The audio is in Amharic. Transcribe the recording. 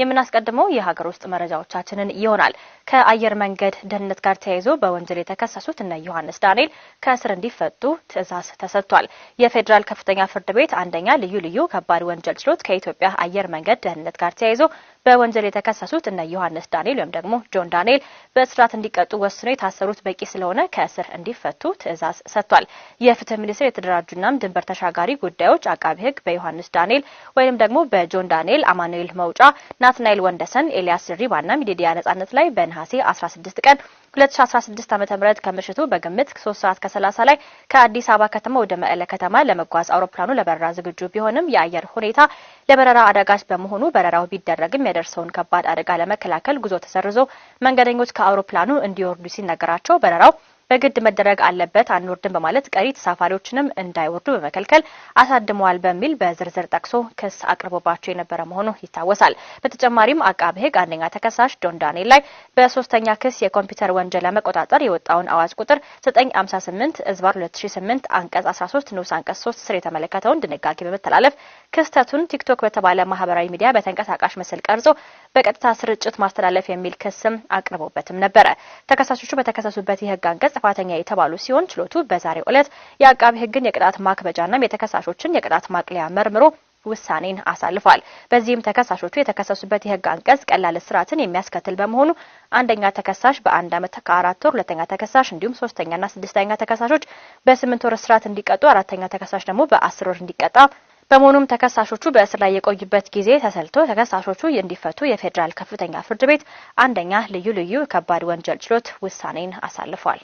የምናስቀድመው የሀገር ውስጥ መረጃዎቻችንን ይሆናል። ከአየር መንገድ ደህንነት ጋር ተያይዞ በወንጀል የተከሰሱት እነ ዮሐንስ ዳንኤል ከእስር እንዲፈቱ ትዕዛዝ ተሰጥቷል። የፌዴራል ከፍተኛ ፍርድ ቤት አንደኛ ልዩ ልዩ ከባድ ወንጀል ችሎት ከኢትዮጵያ አየር መንገድ ደህንነት ጋር ተያይዞ በወንጀል የተከሰሱት እነ ዮሐንስ ዳንኤል ወይም ደግሞ ጆን ዳንኤል በእስራት እንዲቀጡ ወስኖ የታሰሩት በቂ ስለሆነ ከእስር እንዲፈቱ ትዕዛዝ ሰጥቷል። የፍትህ ሚኒስቴር የተደራጁናም ድንበር ተሻጋሪ ጉዳዮች አቃቢ ህግ በዮሐንስ ዳንኤል ወይም ደግሞ በጆን ዳንኤል፣ አማኑኤል መውጫ፣ ናትናኤል ወንደሰን፣ ኤልያስ ድሪባና ሚዲዲያ ነጻነት ላይ በነሐሴ 16 ቀን 2016 ዓ.ም ከምሽቱ በግምት 3 ሰዓት ከ30 ላይ ከአዲስ አበባ ከተማ ወደ መቀለ ከተማ ለመጓዝ አውሮፕላኑ ለበረራ ዝግጁ ቢሆንም የአየር ሁኔታ ለበረራ አዳጋች በመሆኑ በረራው ቢደረግም የሚያደርሰውን ከባድ አደጋ ለመከላከል ጉዞ ተሰርዞ መንገደኞች ከአውሮፕላኑ እንዲወርዱ ሲነገራቸው በረራው በግድ መደረግ አለበት አንወርድም በማለት ቀሪ ተሳፋሪዎችንም እንዳይወርዱ በመከልከል አሳድመዋል በሚል በዝርዝር ጠቅሶ ክስ አቅርቦባቸው የነበረ መሆኑ ይታወሳል። በተጨማሪም አቃቤ ሕግ አንደኛ ተከሳሽ ዶን ዳንኤል ላይ በሶስተኛ ክስ የኮምፒውተር ወንጀል ለመቆጣጠር የወጣውን አዋጅ ቁጥር 958 እዝባር 2008 አንቀጽ 13 ንዑስ አንቀጽ 3 ስር የተመለከተውን ድንጋጌ በመተላለፍ ክስተቱን ቲክቶክ በተባለ ማህበራዊ ሚዲያ በተንቀሳቃሽ ምስል ቀርጾ በቀጥታ ስርጭት ማስተላለፍ የሚል ክስም አቅርቦበትም ነበረ። ተከሳሾቹ በተከሰሱበት የህግ አንቀጽ ጥፋተኛ የተባሉ ሲሆን ችሎቱ በዛሬው ዕለት የአቃቢ ሕግን የቅጣት ማክበጃና የተከሳሾችን የቅጣት ማቅለያ መርምሮ ውሳኔን አሳልፏል። በዚህም ተከሳሾቹ የተከሰሱበት የህግ አንቀጽ ቀላል እስራትን የሚያስከትል በመሆኑ አንደኛ ተከሳሽ በአንድ አመት ከአራት ወር፣ ሁለተኛ ተከሳሽ እንዲሁም ሶስተኛና ስድስተኛ ተከሳሾች በስምንት ወር እስራት እንዲቀጡ፣ አራተኛ ተከሳሽ ደግሞ በአስር ወር እንዲቀጣ በመሆኑም ተከሳሾቹ በእስር ላይ የቆዩበት ጊዜ ተሰልቶ ተከሳሾቹ እንዲፈቱ የፌዴራል ከፍተኛ ፍርድ ቤት አንደኛ ልዩ ልዩ ከባድ ወንጀል ችሎት ውሳኔን አሳልፏል።